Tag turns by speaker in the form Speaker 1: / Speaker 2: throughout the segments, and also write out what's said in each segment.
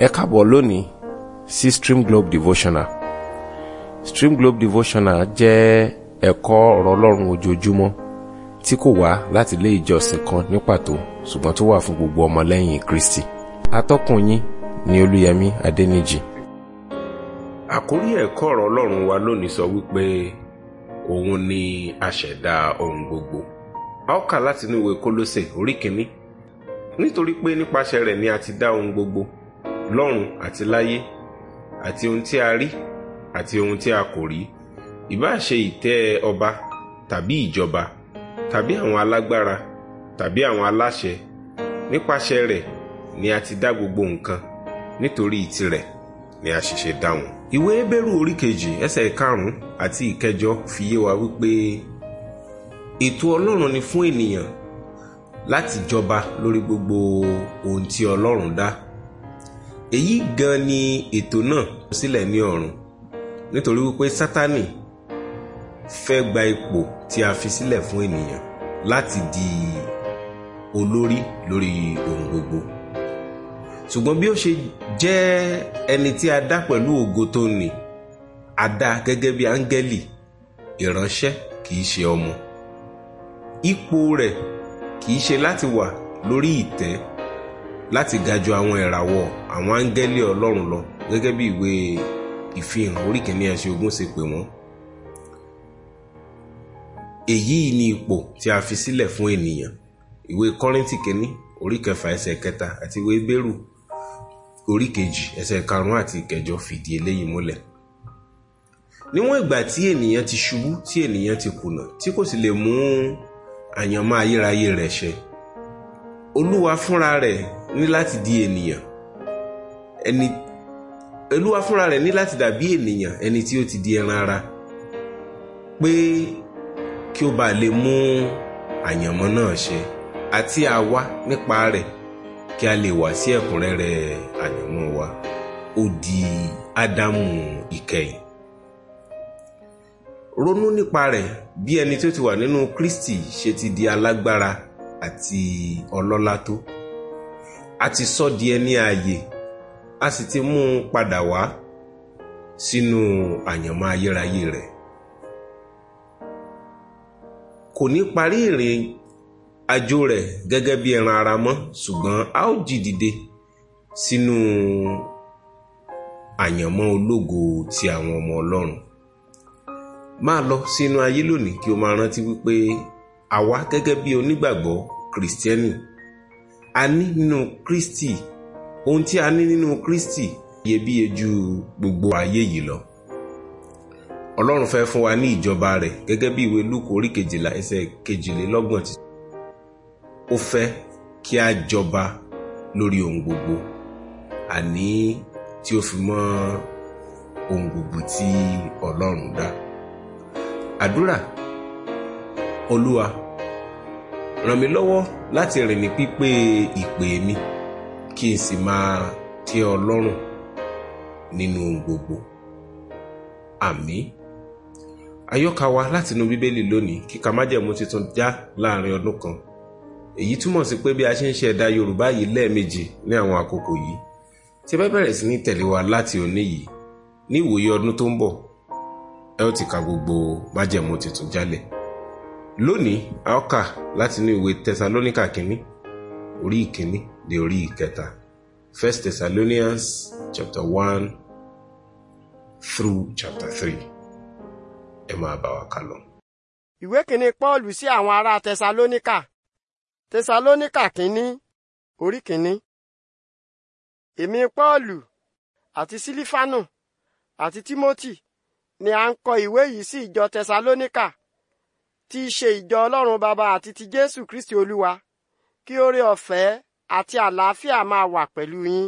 Speaker 1: ẹ káàbọ̀ lónìí sí Stream Globe Devotional Stream Globe Devotional jẹ́ ẹ̀kọ́ ọ̀rọ̀ ọlọ́run ojoojúmọ́ tí kò wá láti ilé ìjọsìn kan ní pàtó ṣùgbọ́n tó wà fún gbogbo ọmọlẹ́yìn Kristi atọ́kùn yín ni Olúyẹmí Adẹ́nìjì. àkórí ẹ̀kọ́ ọ̀rọ̀ ọlọ́run wa lónìí sọ wípé òun ni aṣẹ̀dá ohun gbogbo a ó kà láti inú ìwé Kólósè orí kìíní nítorí pé nípasẹ̀ rẹ̀ ni a ti dá ohun gbogbo lọ́run àti láyé àti ohun tí a rí àti ohun tí a kò rí ìbáà ṣe ìtẹ́ ọba tàbí ìjọba tàbí àwọn alágbára tàbí àwọn aláṣẹ nípasẹ̀ rẹ̀ ni a ti dá gbogbo nǹkan nítorí tirẹ̀ ni a ṣẹ̀ṣẹ̀ dá wọn. ìwé Hébérù orí kejì ẹsẹ̀ karùn-ún àti ìkẹjọ fi yé wa wípé ètò Ọlọ́run ni fún ènìyàn láti jọba lórí gbogbo ohun tí Ọlọ́run dá èyí gan ni ètò náà sílẹ̀ ní ọ̀run nítorí wípé sátani fẹ́ gba ipò tí a fi sílẹ̀ fún ènìyàn láti di olórí lórí ohun gbogbo ṣùgbọ́n bí ó ṣe jẹ́ ẹni tí a dá pẹ̀lú ògo tó ní a dá gẹ́gẹ́ bí áńgẹ́lì ìránṣẹ́ kìí ṣe ọmọ ipò rẹ̀ kìí ṣe láti wà lórí ìtẹ́ láti ga àwọn ìràwọ̀ àwọn áńgẹ́lì ọlọ́run lọ gẹ́gẹ́ bí ìwé ìfihàn orí kìíní ẹsẹ̀ ogún ṣe pè wọ́n. èyí ni ipò tí a fi sílẹ̀ fún ènìyàn ìwé kọ́rìntì kìíní orí kẹfà ẹsẹ̀ kẹta àti ìwé bẹ́rù orí kejì ẹsẹ̀ karùn-ún àti ìkẹjọ fìdí eléyìí múlẹ̀. níwọ̀n ìgbà tí ènìyàn ti ṣubú tí ènìyàn ti kùnà tí kò sì lè mú àyànmọ́ ayérayé rẹ̀ ṣẹ olúwa fúnra rẹ̀ ní láti di ènìyàn ẹni olúwa fúnra rẹ̀ ní láti dàbí ènìyàn ẹni tí ó ti di ẹran ara pé kí ó bá lè mú àyànmọ́ náà ṣe àti àwa nípa rẹ̀ kí a lè wá sí ẹ̀kúnrẹ́rẹ́ àyànmọ́ wa ó di ádámù ìkẹyìn ronú nípa rẹ̀ bí ẹni tó ti wà nínú kristi ṣe ti di alágbára àti ọlọ́lá tó a ti di ẹni ààyè a sì ti mú un padà wá sínú àyànmọ́ ayérayé rẹ̀ kò ní parí ìrìn àjò rẹ̀ gẹ́gẹ́ bí ẹran ara mọ́ ṣùgbọ́n a ó jí dìde sínú àyànmọ́ ológo ti àwọn ọmọ Ọlọ́run máa lọ sínú ayé lónìí kí o máa rántí wípé àwa gẹ́gẹ́ bí onígbàgbọ́ kìrìsìtẹ́nì a ní nínú Kristi. No ohun tí a ní nínú Kristi iyebíye ju gbogbo ayé yìí lọ Ọlọ́run fẹ́ fún wa ní ìjọba rẹ̀ gẹ́gẹ́ bí ìwé Lúùkù orí kejìlá ẹsẹ̀ kejìlélọ́gbọ̀n ti ó fẹ́ kí a jọba lórí ohun gbogbo àní tí ó fi mọ́ ohun gbogbo tí Ọlọ́run dá àdúrà Olúwa ràn mí lọ́wọ́ láti rìn ní pípé ìpè mi. E kí n sì máa tẹ́ ọ lọ́rùn nínú gbogbo àmín àyọkà wa látinú bíbélì lónìí kíka májẹ̀mú tuntun já láàrin ọdún kan èyí túmọ̀ sí pé bí a ṣe ń ṣe ẹ̀dà yorùbá yìí lẹ́ẹ̀mejì ní àwọn àkókò yìí tí ẹ bá bẹ̀rẹ̀ sí ní tẹ̀lé wa láti òní yìí ní ìwòye ọdún tó ń bọ̀ ẹ ó ti ka gbogbo májẹ̀mú tuntun jálẹ̀ lónìí a ó kà látinú ìwé tẹsalóníkà kínní orí ìkíní dé orí ìkẹta First Thessalonians chapter one through chapter three ẹ máa bá wa kálọ.
Speaker 2: ìwé kìíní Pọ́ọ̀lù sí àwọn ará Tẹsalóníkà Tẹsalóníkà kìíní orí kìíní. èmi Pọ́ọ̀lù àti Sílífánù àti Tímótì ni à ń kọ ìwé yìí sí ìjọ Tẹsalóníkà tí í ṣe ìjọ Ọlọ́run Baba àti ti Jésù Kristi Olúwa kí oore ọ̀fẹ́ àti àlàáfíà máa wà pẹ̀lú yín.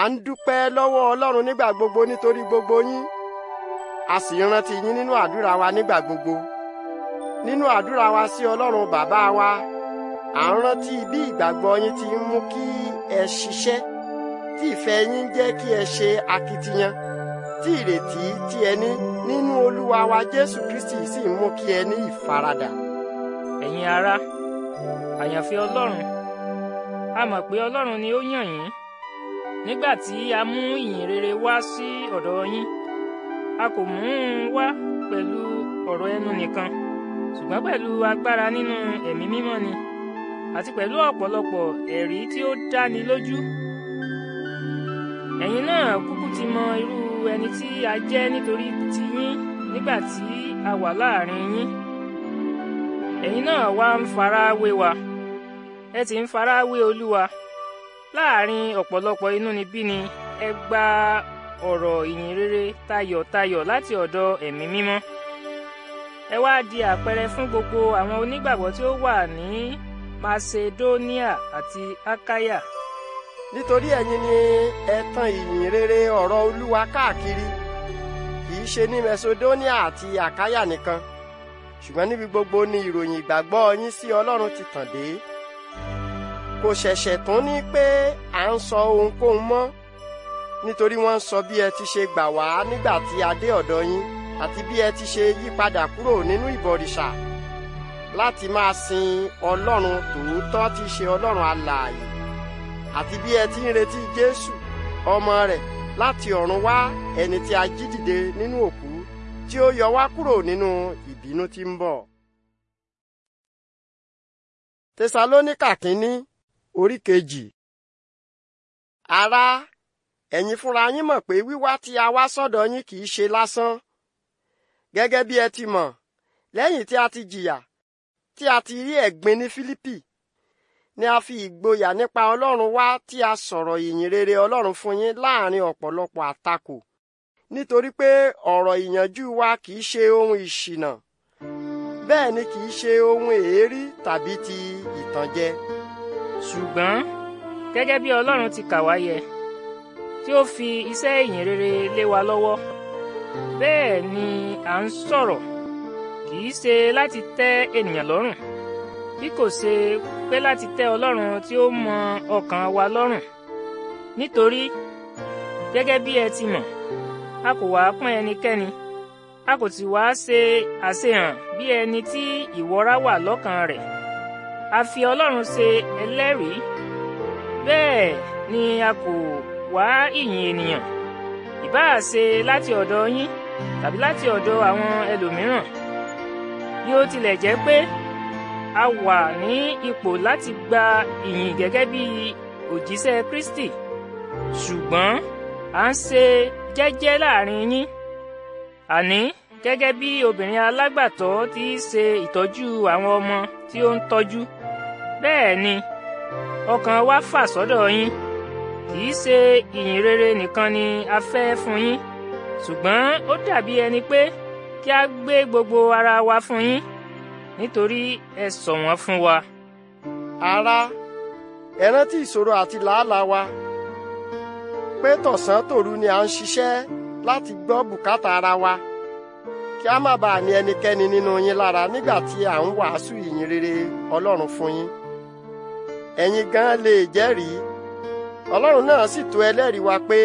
Speaker 2: À ń dúpẹ́ lọ́wọ́ Ọlọ́run nígbà gbogbo nítorí gbogbo yín. A sì rántí yín nínú àdúrà wa nígbà gbogbo. Nínú àdúrà wa sí Ọlọ́run bàbá wa, à ń rántí bí ìgbàgbọ́ yín ti ń mú kí ẹ ṣiṣẹ́, tí ìfẹ́ yín jẹ́ kí ẹ ṣe akitiyan, tí ìrètí tí ẹ ní nínú Olúwa wa Jésù Kristi sì mú kí ẹ ní ìfaradà. Ẹ̀yin ará
Speaker 3: àyànfẹ́ ọlọ́run a mọ̀ pé ọlọ́run ni ó yàn yín nígbà tí a mú ìyìn rere wá sí ọ̀dọ̀ yín a kò mú un wá pẹ̀lú ọ̀rọ̀ ẹnu nìkan ṣùgbọ́n pẹ̀lú agbára nínú ẹ̀mí mímọ́ ni àti pẹ̀lú ọ̀pọ̀lọpọ̀ ẹ̀rí tí ó dáni lójú ẹ̀yin náà kúkú ti mọ irú ẹni tí a jẹ́ nítorí ti yín nígbà tí a wà láàrin yín ẹ̀yin náà wá ń fara wé ẹ ti ń fara wé olúwa láàrin ọ̀pọ̀lọpọ̀ inúnibíni ẹ gba ọ̀rọ̀ ìyìn rere tayọ̀tayọ̀ láti ọ̀dọ̀ ẹ̀mí mímọ́ ẹ wá di àpẹẹrẹ fún gbogbo àwọn onígbàgbọ́ tí ó wà ní macedonia àti akaya. nítorí ẹ̀yin
Speaker 2: ni ẹ tan ìyìn rere ọ̀rọ̀ olúwa káàkiri kì í ṣe ní macedonia àti akaya nìkan ṣùgbọ́n níbi gbogbo ni ìròyìn ìgbàgbọ́ yín sí ọlọ́run ti tàn dé kò ṣẹ̀ṣẹ̀ tún ní pé à ń sọ ohunkóhun mọ́ nítorí wọ́n ń sọ bí ẹ ti ṣe gbà wá nígbà tí a dé ọ̀dọ̀ yín àti bí ẹ ti ṣe yí padà kúrò nínú ìbọ̀rìṣà láti máa sin ọlọ́run tòótọ́ tí ṣe ọlọ́run alààyè àti bí ẹ ti ń retí jésù ọmọ rẹ̀ láti ọ̀run wá ẹni tí a jí dìde nínú òkú tí ó yọ wá kúrò nínú ìbínú tí ń bọ̀. tẹsalóníkà kínní orí kejì. Ará, ẹ̀yin fúnra yín mọ̀ pé wíwá tí a wá sọ́dọ̀ yín kìí ṣe lásán. Gẹ́gẹ́ bí ẹ ti mọ̀, lẹ́yìn tí a ti jìyà, tí a ti rí ẹ̀gbin ní Fílípì, ni a fi ìgboyà nípa Ọlọ́run wá tí a sọ̀rọ̀ ìyìn rere Ọlọ́run fún yín láàrin ọ̀pọ̀lọpọ̀ àtakò nítorí pé ọ̀rọ̀ ìyànjú wa kìí ṣe ohun ìṣìnà bẹ́ẹ̀ ni kìí ṣe ohun èérí tàbí ti ìtànjẹ ṣùgbọ́n gẹ́gẹ́ bí Ọlọ́run ti kà wá yẹ
Speaker 3: tí ó fi iṣẹ́ ìyìn rere lé wa lọ́wọ́ bẹ́ẹ̀ ni à ń sọ̀rọ̀ kì í ṣe láti tẹ́ ènìyàn lọ́rùn bí kò ṣe pé láti tẹ́ Ọlọ́run tí ó mọ ọkàn wa lọ́rùn nítorí gẹ́gẹ́ bí ẹ ti mọ̀ a kò wá pọ́n ẹnikẹ́ni a kò sì wá ṣe àṣehàn bí ẹni tí ìwọra wà lọ́kàn rẹ̀ a fi Ọlọ́run ṣe ẹlẹ́rìí bẹ́ẹ̀ ni a kò wá ìyìn ènìyàn ìbáà ṣe láti ọ̀dọ̀ yín tàbí láti ọ̀dọ̀ àwọn ẹlòmíràn bí ó tilẹ̀ jẹ́ pé a wà ní ipò láti gba ìyìn gẹ́gẹ́ bí òjíṣẹ́ Kristi ṣùgbọ́n à ń ṣe jẹ́jẹ́ láàrin yín àní gẹ́gẹ́ bí obìnrin alágbàtọ́ ti ṣe ìtọ́jú àwọn ọmọ tí ó ń tọ́jú. bẹ́ẹ̀ ni ọkàn wa fà sọ́dọ̀ yín kì í ṣe ìyìn rere nìkan ni a fẹ́ fún yín ṣùgbọ́n ó dàbí ẹni pé kí a gbé gbogbo ara wa fún yín nítorí ẹ wọn fún
Speaker 2: wa. Ara, ẹ rántí ìṣòro àti làálàá wa pé tọ̀sán tòru ni à ń ṣiṣẹ́ láti gbọ́ bùkátà ara wa kí a má bàa ní ẹnikẹ́ni nínú yín lára nígbà tí à ń wàásù ìyìn rere Ọlọ́run fún yín. ẹ̀yin gan lè jẹ́rìí ọlọ́run náà sì tó ẹlẹ́rìí wa pé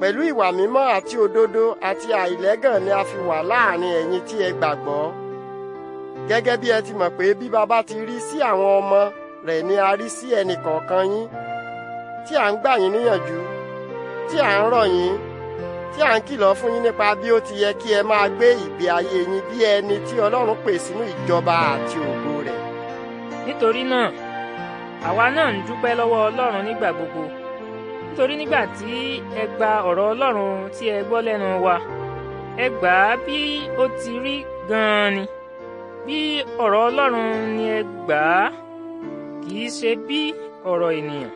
Speaker 2: pẹ̀lú ìwà mímọ́ àti òdodo àti àìlẹ́gàn ni a fi wà láàrin ẹ̀yin tí ẹ gbàgbọ́ gẹ́gẹ́ bí ẹ ti mọ̀ pé bí baba ti rí sí àwọn ọmọ rẹ̀ ni a rí sí ẹnìkọ̀ọ̀kan yín tí à ń gbà yín níyànjú tí à ń rọ̀ yín tí à ń kìlọ̀ fún yín nípa bí ó ti yẹ kí ẹ máa gbé ìgbé ayé yín bí ẹni tí ọlọ́run pè sínú ìjọba àti ògo rẹ̀. nítorí
Speaker 3: náà àwa náà ń dúpẹ́ lọ́wọ́ ọlọ́run nígbà gbogbo nítorí nígbà tí ẹ gba ọ̀rọ̀ ọlọ́run tí ẹ gbọ́ lẹ́nu wa ẹ gbà á bí ó ti rí gan-an ni bí ọ̀rọ̀ ọlọ́run ni ẹ gbà á kì í ṣe bí ọ̀rọ̀ ènìyàn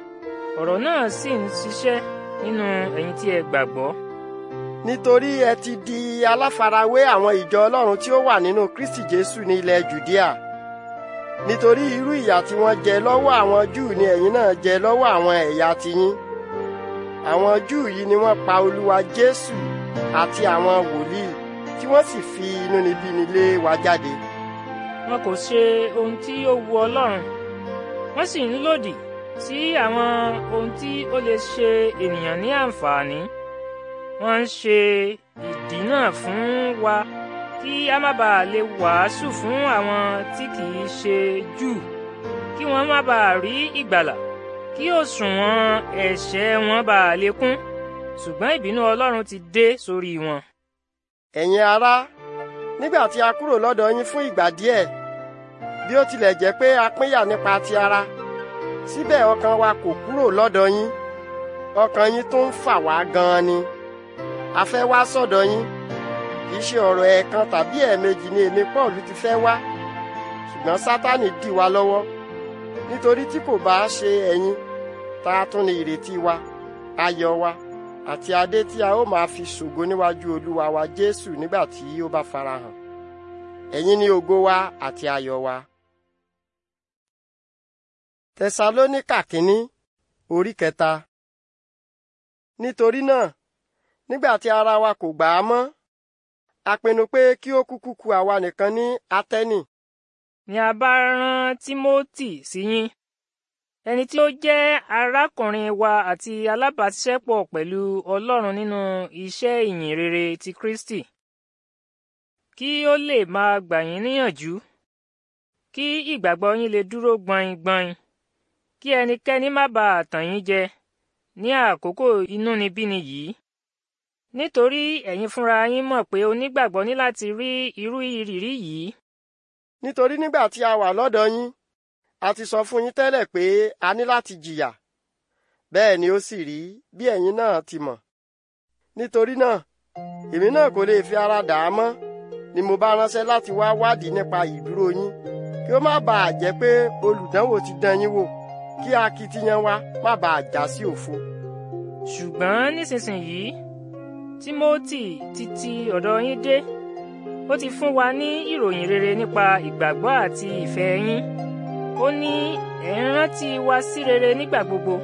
Speaker 3: ọ̀rọ̀ náà sì ń
Speaker 2: ṣiṣẹ́ nínú ẹ̀yin tí ẹ gbàgbọ́. nítorí ẹ ti di aláfarawé àwọn ìjọ ọlọ́run tí ó wà nínú Kristi Jésù ní ilẹ̀ Jùdíà nítorí irú ìyà tí wọ́n jẹ lọ́wọ́ àwọn Júù ni ẹ̀yin náà jẹ lọ́wọ́ àwọn ẹ̀yà tiyín àwọn Júù yìí ni wọ́n pa Olúwa Jésù àti àwọn wòlíì tí wọ́n sì fi inúnibíni lé wa jáde. wọn kò ṣe ohun tí ó
Speaker 3: wu Ọlọ́run wọ́n sì ń lòdì sí àwọn ohun tí ó lè ṣe ènìyàn ní àǹfààní wọ́n ń ṣe ìdínà fún wa kí a má bàa lè wàásù fún àwọn tí kì í ṣe Júù kí wọ́n má bàa rí ìgbàlà kí òṣùwọ̀n ẹ̀ṣẹ̀ wọn bàa lè kún ṣùgbọ́n ìbínú Ọlọ́run ti dé sórí wọn. ẹ̀yin
Speaker 2: ará nígbà tí a kúrò lọ́dọ̀ yín fún ìgbà díẹ̀ bí ó tilẹ̀ jẹ́ pé a pínyà nípa ti ara síbẹ̀ ọkàn wa kò kúrò lọ́dọ̀ yín ọkàn yín tó ń fà wá gan-an ni a fẹ́ wá sọ́dọ̀ yín kì í ṣe ọ̀rọ̀ ẹ̀ẹ̀kan tàbí ẹ̀ẹ̀mejì ni èmi Paul ti fẹ́ wá ṣùgbọ́n Sátánì dì wá lọ́wọ́ nítorí tí kò bá ṣe ẹ̀yin ta tún ni ìrètí wa ayọ̀ wa àti adé tí a ó máa fi ṣògo níwájú Olúwa wa Jésù nígbà tí ó bá farahàn ẹ̀yin ni ògo wa àti ayọ̀ wa. Tẹsalóníkà kínní orí kẹta. Nítorí náà nígbà tí ara wa kò gbà á mọ́ a pinnu pé kí ó kúkú kù àwa nìkan ní Atẹ́nì. Ni a bá rán
Speaker 3: Tímótì sí yín ẹni tí ó jẹ́ arákùnrin wa àti alábàáṣiṣẹ́pọ̀ pẹ̀lú Ọlọ́run nínú iṣẹ́ ìyìn rere ti Kristi kí ó lè máa gbà yín níyànjú kí ìgbàgbọ́ yín lè dúró gbọ̀nyìngbọ̀nyìn kí ẹnikẹ́ni má bàa tàn yín jẹ ní àkókò inúnibíni yìí nítorí ẹ̀yin fúnra yín mọ̀ pé onígbàgbọ́
Speaker 2: ní láti rí irú ìrírí yìí. nítorí nígbà tí a wà lọ́dọ̀ yín a ti sọ fún yín tẹ́lẹ̀ pé a ní láti jìyà bẹ́ẹ̀ ni ó sì rí bí ẹ̀yin náà ti mọ̀ nítorí náà èmi náà kò lè fi ara dà mọ́ ni mo bá ránṣẹ́ láti wá wádìí nípa ìdúró yín kí ó má bàa jẹ́ pé olùdánwò ti dán yín wò kí akitiyan wa má bàa já sí òfo.
Speaker 3: ṣùgbọ́n nísinsìnyí Tímótì ti ti ọ̀dọ̀ yín dé ó ti fún wa ní ìròyìn rere nípa ìgbàgbọ́ àti ìfẹ́ yín ó ní ẹ̀ ń rántí wa sí rere nígbà gbogbo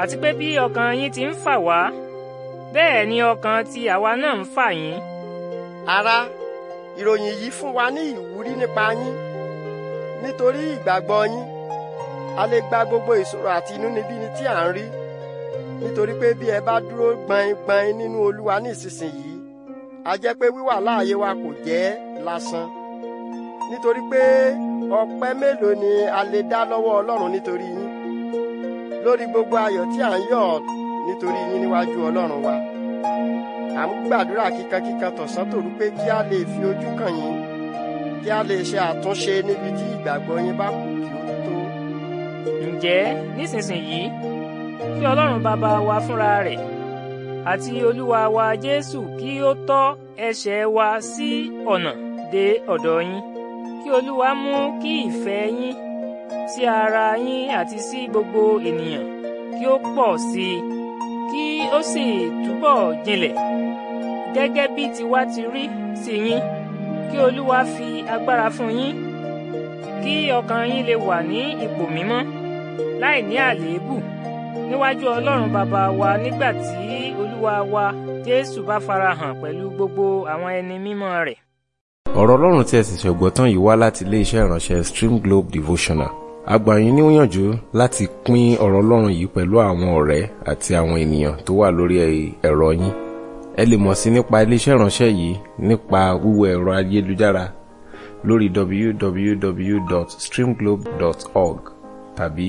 Speaker 3: àti pé bí ọkàn yín ti ń fà wá bẹ́ẹ̀ ni ọkàn ti àwa náà ń fà yín.
Speaker 2: ará ìròyìn yìí fún wa ní ìwúrí nípa yín nítorí ìgbàgbọ́ yín a lè gba gbogbo ìṣòro àti inúnibíni tí à ń rí nítorí pé bí ẹ bá dúró gbaingbain nínú olúwa ní ìsinsìnyí a jẹ́ pé wíwà láàyè wa kò jẹ́ lásán nítorí pé ọpẹ́ mélòó ni a lè dá lọ́wọ́ ọlọ́run nítorí yín lórí gbogbo ayọ̀ tí à ń yọ̀ nítorí yín níwájú ọlọ́run wa à ń gbàdúrà kíkankíkan tọ̀sán tòru pé kí a lè fi ojú kàn yín kí a lè ṣe àtúnṣe níbi tí ìgbàgbọ́ yín bá kù kí ó tó. ǹjẹ́ nísinsìnyí kí ọlọ́run bàbá
Speaker 3: wa fúnra rẹ̀ àti olúwa wa jésù kí ó tọ́ ẹsẹ̀ wa sí ọ̀nà dé ọ̀dọ̀ yín kí olúwa mú kí ìfẹ́ yín sí ara yín àti sí gbogbo ènìyàn kí ó pọ̀ sí i kí ó sì túbọ̀ jinlẹ̀ gẹ́gẹ́ bí tiwa ti rí sí yín kí olúwa fi agbára fún yín kí ọkàn yín lè wà ní ipò mímọ́ láì ní àléébù níwájú ọlọ́run bàbá wa nígbà tí olúwa wa jésù bá farahàn pẹ̀lú gbogbo àwọn ẹni mímọ́ rẹ̀.
Speaker 1: ọ̀rọ̀ ọlọ́run tí ẹ sì ṣẹ̀gbọ́ tán yìí wá láti iléeṣẹ́ ìránṣẹ́ stream globe devotional a gbà yín níyànjú láti pín ọ̀rọ̀ ọlọ́run yìí pẹ̀lú àwọn ọ̀rẹ́ àti àwọn ènìyàn tó wà lórí ẹ̀rọ yín ẹ lè mọ̀ sí nípa iléeṣẹ́ ìránṣẹ́ yìí nípa wíwọ ẹ̀rọ ayélujára lórí www.streamglobe.org tàbí